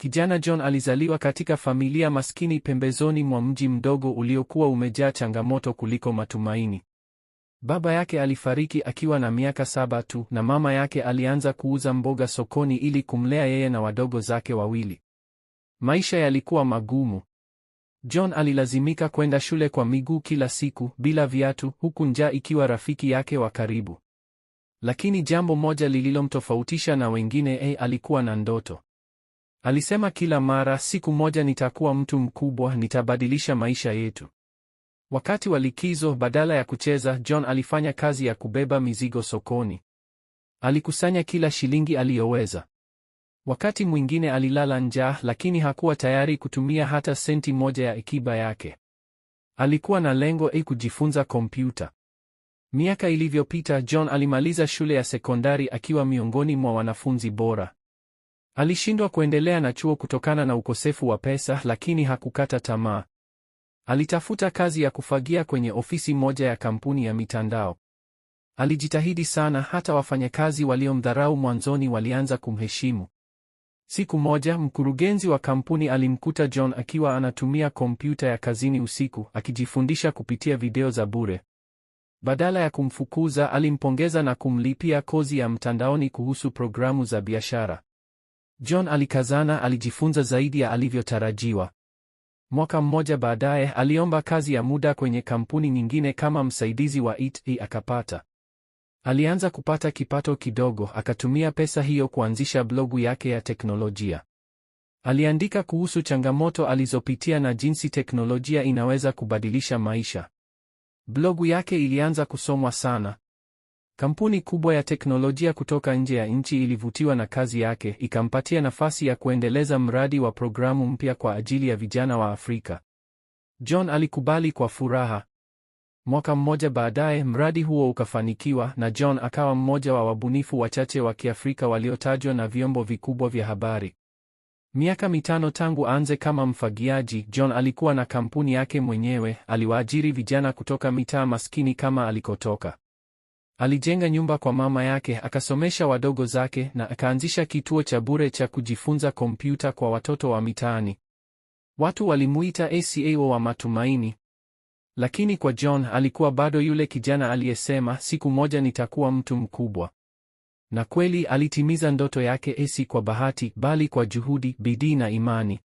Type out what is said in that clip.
Kijana John alizaliwa katika familia maskini pembezoni mwa mji mdogo uliokuwa umejaa changamoto kuliko matumaini. Baba yake alifariki akiwa na miaka saba tu na mama yake alianza kuuza mboga sokoni ili kumlea yeye na wadogo zake wawili. Maisha yalikuwa magumu. John alilazimika kwenda shule kwa miguu kila siku bila viatu, huku njaa ikiwa rafiki yake wa karibu. Lakini jambo moja lililomtofautisha na wengine, e alikuwa na ndoto. Alisema kila mara, siku moja nitakuwa mtu mkubwa, nitabadilisha maisha yetu. Wakati wa likizo, badala ya kucheza, John alifanya kazi ya kubeba mizigo sokoni. Alikusanya kila shilingi aliyoweza. Wakati mwingine alilala njaa, lakini hakuwa tayari kutumia hata senti moja ya akiba yake. Alikuwa na lengo e, kujifunza kompyuta. Miaka ilivyopita, John alimaliza shule ya sekondari akiwa miongoni mwa wanafunzi bora. Alishindwa kuendelea na chuo kutokana na ukosefu wa pesa, lakini hakukata tamaa. Alitafuta kazi ya kufagia kwenye ofisi moja ya kampuni ya mitandao. Alijitahidi sana, hata wafanyakazi waliomdharau mwanzoni walianza kumheshimu. Siku moja mkurugenzi wa kampuni alimkuta John akiwa anatumia kompyuta ya kazini usiku akijifundisha kupitia video za bure. Badala ya kumfukuza, alimpongeza na kumlipia kozi ya mtandaoni kuhusu programu za biashara. John alikazana, alijifunza zaidi ya alivyotarajiwa. Mwaka mmoja baadaye, aliomba kazi ya muda kwenye kampuni nyingine kama msaidizi wa IT, akapata. Alianza kupata kipato kidogo, akatumia pesa hiyo kuanzisha blogu yake ya teknolojia. Aliandika kuhusu changamoto alizopitia na jinsi teknolojia inaweza kubadilisha maisha. Blogu yake ilianza kusomwa sana. Kampuni kubwa ya teknolojia kutoka nje ya nchi ilivutiwa na kazi yake, ikampatia nafasi ya kuendeleza mradi wa programu mpya kwa ajili ya vijana wa Afrika. John alikubali kwa furaha. Mwaka mmoja baadaye, mradi huo ukafanikiwa na John akawa mmoja wa wabunifu wachache wa Kiafrika waliotajwa na vyombo vikubwa vya habari. Miaka mitano tangu aanze kama mfagiaji, John alikuwa na kampuni yake mwenyewe, aliwaajiri vijana kutoka mitaa maskini kama alikotoka. Alijenga nyumba kwa mama yake, akasomesha wadogo zake na akaanzisha kituo cha bure cha kujifunza kompyuta kwa watoto wa mitaani. Watu walimuita ACAO wa matumaini. Lakini kwa John alikuwa bado yule kijana aliyesema siku moja nitakuwa mtu mkubwa. Na kweli alitimiza ndoto yake, si kwa bahati, bali kwa juhudi, bidii na imani.